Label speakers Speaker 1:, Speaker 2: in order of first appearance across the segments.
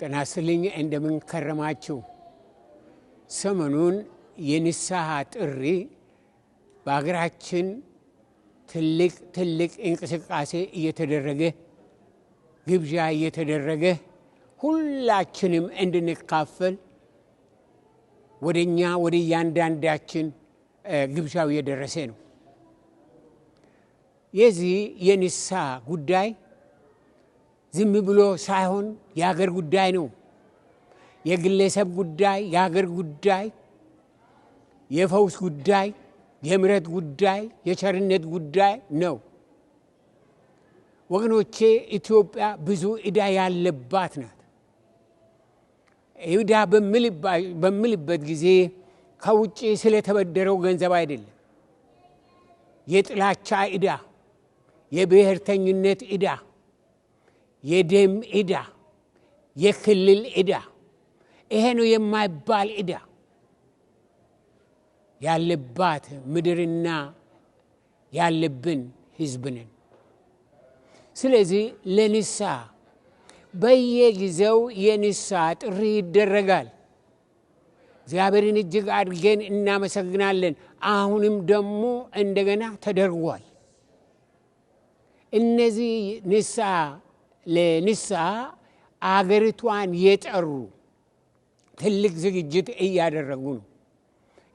Speaker 1: ጤና ይስጥልኝ። እንደምን ከረማችሁ? ሰሞኑን የንስሐ ጥሪ በሀገራችን ትልቅ ትልቅ እንቅስቃሴ እየተደረገ ግብዣ እየተደረገ ሁላችንም እንድንካፈል ወደ እኛ ወደ እያንዳንዳችን ግብዣው እየደረሰ ነው። የዚህ የንስሐ ጉዳይ ዝም ብሎ ሳይሆን የሀገር ጉዳይ ነው። የግለሰብ ጉዳይ፣ የሀገር ጉዳይ፣ የፈውስ ጉዳይ፣ የምረት ጉዳይ፣ የቸርነት ጉዳይ ነው። ወገኖቼ ኢትዮጵያ ብዙ እዳ ያለባት ናት። እዳ በምልበት ጊዜ ከውጭ ስለተበደረው ገንዘብ አይደለም። የጥላቻ እዳ፣ የብሔርተኝነት እዳ የደም ዕዳ፣ የክልል ዕዳ፣ ይሄ ነው የማይባል ዕዳ ያለባት ምድርና ያለብን ህዝብንን ስለዚህ ለንሳ በየጊዜው የንሳ ጥሪ ይደረጋል። እግዚአብሔርን እጅግ አድርገን እናመሰግናለን። አሁንም ደግሞ እንደገና ተደርጓል። እነዚህ ንሳ ለንስሐ አገሪቷን የጠሩ ትልቅ ዝግጅት እያደረጉ ነው።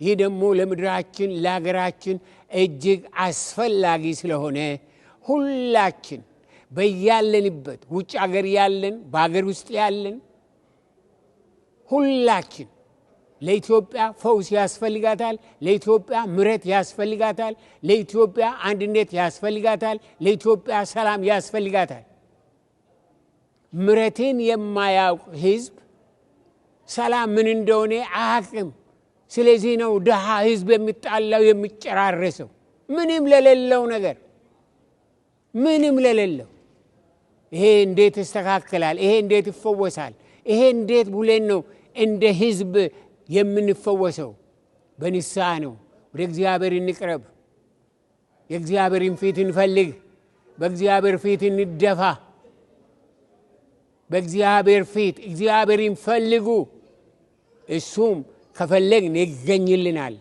Speaker 1: ይህ ደግሞ ለምድራችን ለሀገራችን እጅግ አስፈላጊ ስለሆነ ሁላችን በያለንበት ውጭ ሀገር ያለን በሀገር ውስጥ ያለን ሁላችን ለኢትዮጵያ ፈውስ ያስፈልጋታል። ለኢትዮጵያ ምረት ያስፈልጋታል። ለኢትዮጵያ አንድነት ያስፈልጋታል። ለኢትዮጵያ ሰላም ያስፈልጋታል። ምረቴን የማያውቅ ህዝብ ሰላም ምን እንደሆነ አያቅም። ስለዚህ ነው ድሃ ህዝብ የሚጣላው የሚጨራረሰው፣ ምንም ለሌለው ነገር ምንም ለሌለው። ይሄ እንዴት ይስተካከላል? ይሄ እንዴት ይፈወሳል? ይሄ እንዴት ብለን ነው እንደ ህዝብ የምንፈወሰው? በንስሐ ነው። ወደ እግዚአብሔር እንቅረብ። የእግዚአብሔርን ፊት እንፈልግ። በእግዚአብሔር ፊት እንደፋ። በእግዚአብሔር ፊት እግዚአብሔርን ፈልጉ፣ እሱም ከፈለግን ይገኝልናል።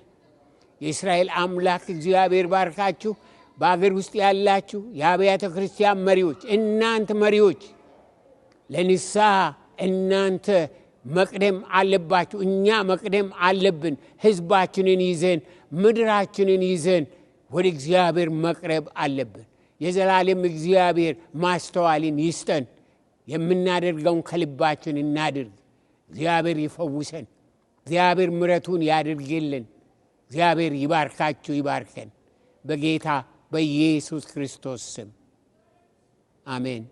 Speaker 1: የእስራኤል አምላክ እግዚአብሔር ባርካችሁ። በአገር ውስጥ ያላችሁ የአብያተ ክርስቲያን መሪዎች፣ እናንተ መሪዎች ለንስሐ እናንተ መቅደም አለባችሁ። እኛ መቅደም አለብን። ህዝባችንን ይዘን ምድራችንን ይዘን ወደ እግዚአብሔር መቅረብ አለብን። የዘላለም እግዚአብሔር ማስተዋልን ይስጠን። የምናደርገውን ከልባችን እናድርግ። እግዚአብሔር ይፈውሰን። እግዚአብሔር ምረቱን ያድርግልን። እግዚአብሔር ይባርካችሁ፣ ይባርከን በጌታ በኢየሱስ ክርስቶስ ስም አሜን።